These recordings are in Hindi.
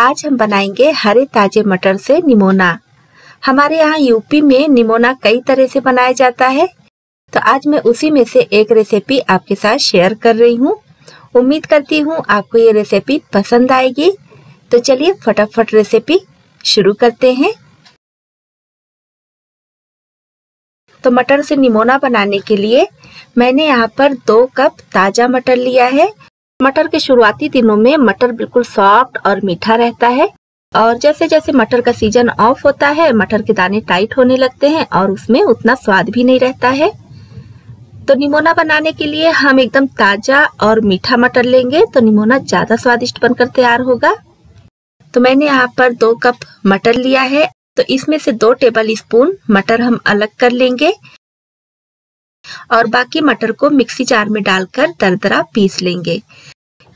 आज हम बनाएंगे हरे ताजे मटर से निमोना हमारे यहाँ यूपी में निमोना कई तरह से बनाया जाता है तो आज मैं उसी में से एक रेसिपी आपके साथ शेयर कर रही हूँ उम्मीद करती हूँ आपको ये रेसिपी पसंद आएगी तो चलिए फटाफट रेसिपी शुरू करते हैं तो मटर से निमोना बनाने के लिए मैंने यहाँ पर दो कप ताज़ा मटर लिया है मटर के शुरुआती दिनों में मटर बिल्कुल सॉफ्ट और मीठा रहता है और जैसे जैसे मटर का सीजन ऑफ होता है मटर के दाने टाइट होने लगते हैं और उसमें उतना स्वाद भी नहीं रहता है तो निमोना बनाने के लिए हम एकदम ताजा और मीठा मटर लेंगे तो निमोना ज्यादा स्वादिष्ट बनकर तैयार होगा तो मैंने यहाँ पर दो कप मटर लिया है तो इसमें से दो टेबल स्पून मटर हम अलग कर लेंगे और बाकी मटर को मिक्सी जार में डालकर दरदरा पीस लेंगे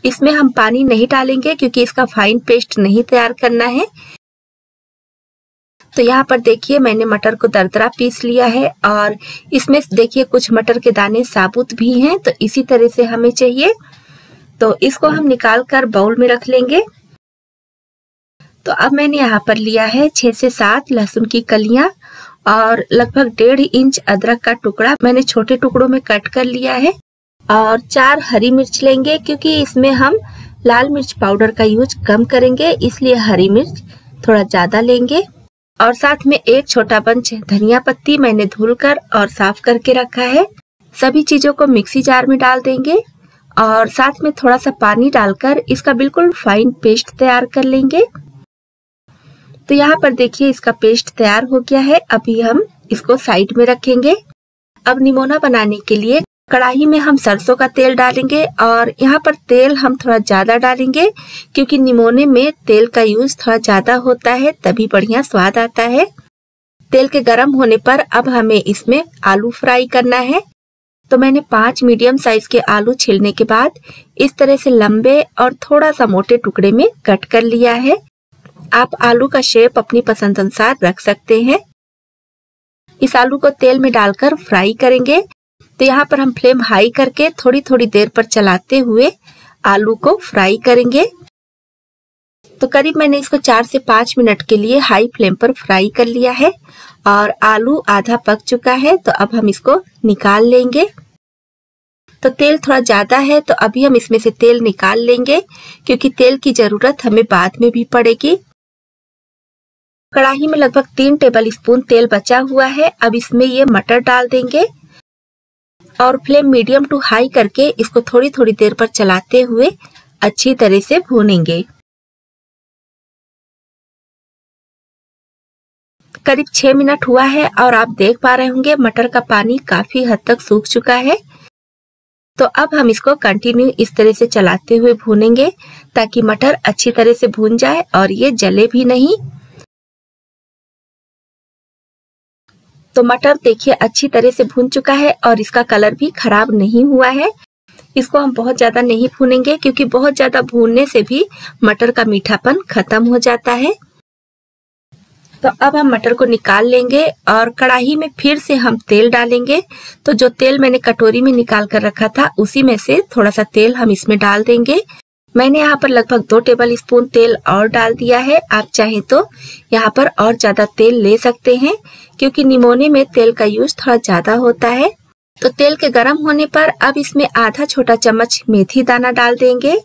इसमें हम पानी नहीं डालेंगे क्योंकि इसका फाइन पेस्ट नहीं तैयार करना है तो यहाँ पर देखिए मैंने मटर को दरदरा पीस लिया है और इसमें देखिए कुछ मटर के दाने साबुत भी हैं तो इसी तरह से हमें चाहिए तो इसको हम निकाल कर बाउल में रख लेंगे तो अब मैंने यहाँ पर लिया है छह से सात लहसुन की कलियां और लगभग डेढ़ इंच अदरक का टुकड़ा मैंने छोटे टुकड़ों में कट कर लिया है और चार हरी मिर्च लेंगे क्योंकि इसमें हम लाल मिर्च पाउडर का यूज कम करेंगे इसलिए हरी मिर्च थोड़ा ज्यादा लेंगे और साथ में एक छोटा बंच धनिया पत्ती मैंने धुल कर और साफ करके रखा है सभी चीजों को मिक्सी जार में डाल देंगे और साथ में थोड़ा सा पानी डालकर इसका बिल्कुल फाइन पेस्ट तैयार कर लेंगे तो यहाँ पर देखिए इसका पेस्ट तैयार हो गया है अभी हम इसको साइड में रखेंगे अब निमोना बनाने के लिए कढ़ाई में हम सरसों का तेल डालेंगे और यहाँ पर तेल हम थोड़ा ज़्यादा डालेंगे क्योंकि निमोने में तेल का यूज थोड़ा ज़्यादा होता है तभी बढ़िया स्वाद आता है तेल के गर्म होने पर अब हमें इसमें आलू फ्राई करना है तो मैंने पांच मीडियम साइज के आलू छिलने के बाद इस तरह से लंबे और थोड़ा सा मोटे टुकड़े में कट कर लिया है आप आलू का शेप अपनी पसंद अनुसार रख सकते हैं इस आलू को तेल में डालकर फ्राई करेंगे तो यहाँ पर हम फ्लेम हाई करके थोड़ी थोड़ी देर पर चलाते हुए आलू को फ्राई करेंगे तो करीब मैंने इसको चार से पांच मिनट के लिए हाई फ्लेम पर फ्राई कर लिया है और आलू आधा पक चुका है तो अब हम इसको निकाल लेंगे तो तेल थोड़ा ज़्यादा है तो अभी हम इसमें से तेल निकाल लेंगे क्योंकि तेल की ज़रूरत हमें बाद में भी पड़ेगी कढ़ाई में लगभग तीन टेबल स्पून तेल बचा हुआ है अब इसमें ये मटर डाल देंगे और फ्लेम मीडियम टू हाई करके इसको थोड़ी थोड़ी देर पर चलाते हुए अच्छी तरह से भूनेंगे करीब छह मिनट हुआ है और आप देख पा रहे होंगे मटर का पानी काफी हद तक सूख चुका है तो अब हम इसको कंटिन्यू इस तरह से चलाते हुए भूनेंगे ताकि मटर अच्छी तरह से भून जाए और ये जले भी नहीं तो मटर देखिए अच्छी तरह से भून चुका है और इसका कलर भी खराब नहीं हुआ है इसको हम बहुत ज्यादा नहीं भूनेंगे क्योंकि बहुत ज्यादा भूनने से भी मटर का मीठापन खत्म हो जाता है तो अब हम मटर को निकाल लेंगे और कढ़ाई में फिर से हम तेल डालेंगे तो जो तेल मैंने कटोरी में निकाल कर रखा था उसी में से थोड़ा सा तेल हम इसमें डाल देंगे मैंने यहाँ पर लगभग दो टेबल स्पून तेल और डाल दिया है आप चाहे तो यहाँ पर और ज़्यादा तेल ले सकते हैं क्योंकि निमोने में तेल का यूज थोड़ा ज़्यादा होता है तो तेल के गर्म होने पर अब इसमें आधा छोटा चम्मच मेथी दाना डाल देंगे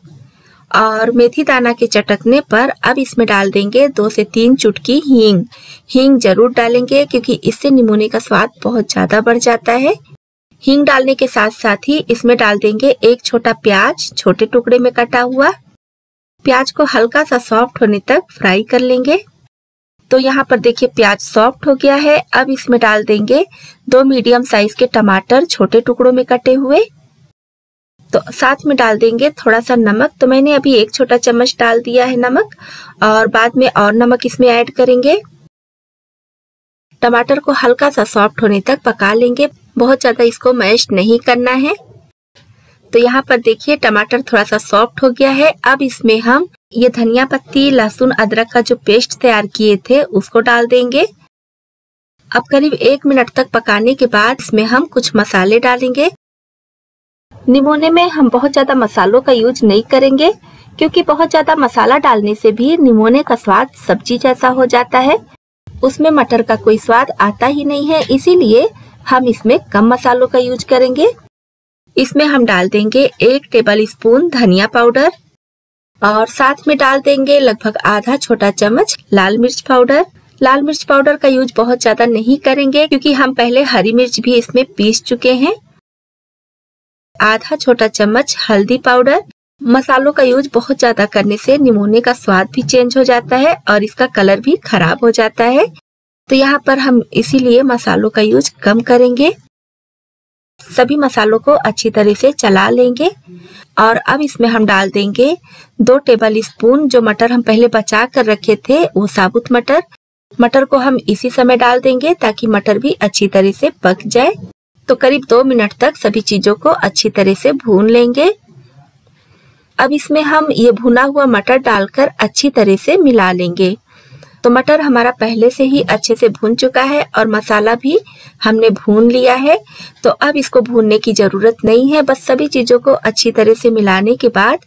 और मेथी दाना के चटकने पर अब इसमें डाल देंगे दो से तीन चुटकी हींग हींग जरूर डालेंगे क्योंकि इससे निमोने का स्वाद बहुत ज़्यादा बढ़ जाता है हींग डालने के साथ साथ ही इसमें डाल देंगे एक छोटा प्याज छोटे टुकड़े में कटा हुआ प्याज को हल्का सा सॉफ्ट होने तक फ्राई कर लेंगे तो यहाँ पर देखिए प्याज सॉफ्ट हो गया है अब इसमें डाल देंगे दो मीडियम साइज के टमाटर छोटे टुकड़ों में कटे हुए तो साथ में डाल देंगे थोड़ा सा नमक तो मैंने अभी एक छोटा चम्मच डाल दिया है नमक और बाद में और नमक इसमें ऐड करेंगे टमाटर को हल्का सा सॉफ्ट होने तक पका लेंगे बहुत ज़्यादा इसको मैश नहीं करना है तो यहाँ पर देखिए टमाटर थोड़ा सा सॉफ्ट हो गया है अब इसमें हम ये धनिया पत्ती लहसुन अदरक का जो पेस्ट तैयार किए थे उसको डाल देंगे अब करीब एक मिनट तक पकाने के बाद इसमें हम कुछ मसाले डालेंगे निमोने में हम बहुत ज़्यादा मसालों का यूज नहीं करेंगे क्योंकि बहुत ज़्यादा मसाला डालने से भी निमोने का स्वाद सब्जी जैसा हो जाता है उसमें मटर का कोई स्वाद आता ही नहीं है इसीलिए हम इसमें कम मसालों का यूज करेंगे इसमें हम डाल देंगे एक टेबल स्पून धनिया पाउडर और साथ में डाल देंगे लगभग आधा छोटा चम्मच लाल मिर्च पाउडर लाल मिर्च पाउडर का यूज बहुत ज्यादा नहीं करेंगे क्योंकि हम पहले हरी मिर्च भी इसमें पीस चुके हैं आधा छोटा चम्मच हल्दी पाउडर मसालों का यूज बहुत ज्यादा करने से निमोने का स्वाद भी चेंज हो जाता है और इसका कलर भी खराब हो जाता है तो यहाँ पर हम इसीलिए मसालों का यूज कम करेंगे सभी मसालों को अच्छी तरह से चला लेंगे और अब इसमें हम डाल देंगे दो टेबल स्पून जो मटर हम पहले बचा कर रखे थे वो साबुत मटर मटर को हम इसी समय डाल देंगे ताकि मटर भी अच्छी तरह से पक जाए तो करीब दो मिनट तक सभी चीजों को अच्छी तरह से भून लेंगे अब इसमें हम ये भुना हुआ मटर डालकर अच्छी तरह से मिला लेंगे तो मटर हमारा पहले से ही अच्छे से भून चुका है और मसाला भी हमने भून लिया है तो अब इसको भूनने की ज़रूरत नहीं है बस सभी चीज़ों को अच्छी तरह से मिलाने के बाद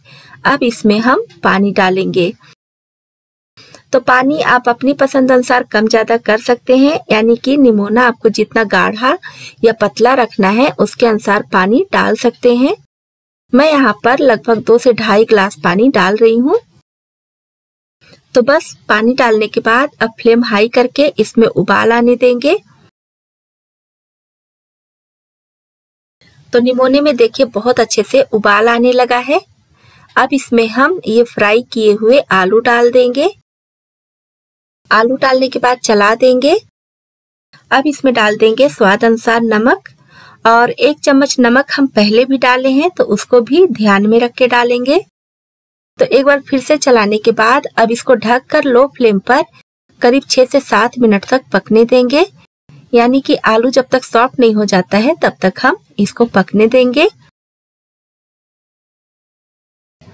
अब इसमें हम पानी डालेंगे तो पानी आप अपनी पसंद अनुसार कम ज़्यादा कर सकते हैं यानी कि निमोना आपको जितना गाढ़ा या पतला रखना है उसके अनुसार पानी डाल सकते हैं मैं यहाँ पर लगभग दो से ढाई ग्लास पानी डाल रही हूँ तो बस पानी डालने के बाद अब फ्लेम हाई करके इसमें उबाल आने देंगे तो निमोने में देखिए बहुत अच्छे से उबाल आने लगा है अब इसमें हम ये फ्राई किए हुए आलू डाल देंगे आलू डालने के बाद चला देंगे अब इसमें डाल देंगे स्वाद अनुसार नमक और एक चम्मच नमक हम पहले भी डाले हैं तो उसको भी ध्यान में रख के डालेंगे तो एक बार फिर से चलाने के बाद अब इसको ढक कर लो फ्लेम पर करीब छह से सात मिनट तक पकने देंगे यानी कि आलू जब तक सॉफ्ट नहीं हो जाता है तब तक हम इसको पकने देंगे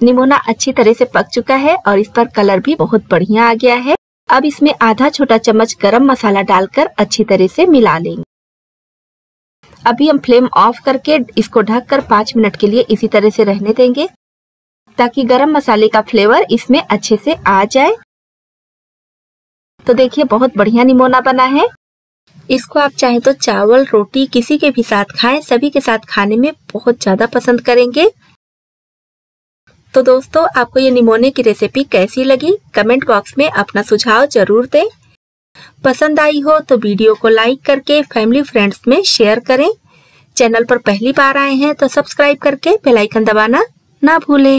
निमोना अच्छी तरह से पक चुका है और इस पर कलर भी बहुत बढ़िया आ गया है अब इसमें आधा छोटा चम्मच गरम मसाला डालकर अच्छी तरह से मिला लेंगे अभी हम फ्लेम ऑफ करके इसको ढककर पांच मिनट के लिए इसी तरह से रहने देंगे ताकि गरम मसाले का फ्लेवर इसमें अच्छे से आ जाए तो देखिए बहुत बढ़िया निमोना बना है इसको आप चाहे तो चावल रोटी किसी के भी साथ खाएं सभी के साथ खाने में बहुत ज़्यादा पसंद करेंगे तो दोस्तों आपको ये निमोने की रेसिपी कैसी लगी कमेंट बॉक्स में अपना सुझाव जरूर दें पसंद आई हो तो वीडियो को लाइक करके फैमिली फ्रेंड्स में शेयर करें चैनल पर पहली बार आए हैं तो सब्सक्राइब करके बेल आइकन दबाना ना भूलें